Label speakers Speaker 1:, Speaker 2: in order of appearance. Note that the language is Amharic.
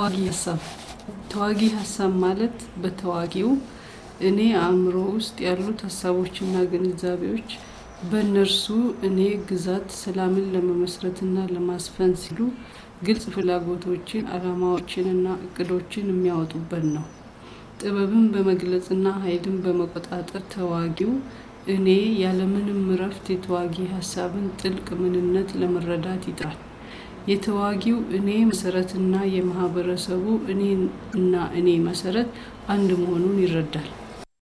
Speaker 1: ተዋጊ ሀሳብ ተዋጊ
Speaker 2: ሀሳብ ማለት በተዋጊው እኔ አእምሮ ውስጥ ያሉት ሀሳቦችና ግንዛቤዎች በእነርሱ እኔ ግዛት ሰላምን ለመመስረትና ለማስፈን ሲሉ ግልጽ ፍላጎቶችን አላማዎችንና እቅዶችን የሚያወጡበት ነው። ጥበብን በመግለጽና ኃይልን በመቆጣጠር ተዋጊው እኔ ያለምንም እረፍት የተዋጊ ሀሳብን ጥልቅ ምንነት ለመረዳት ይጥራል። የተዋጊው እኔ መሰረትና የማህበረሰቡ እኔ እና
Speaker 3: እኔ መሰረት አንድ መሆኑን ይረዳል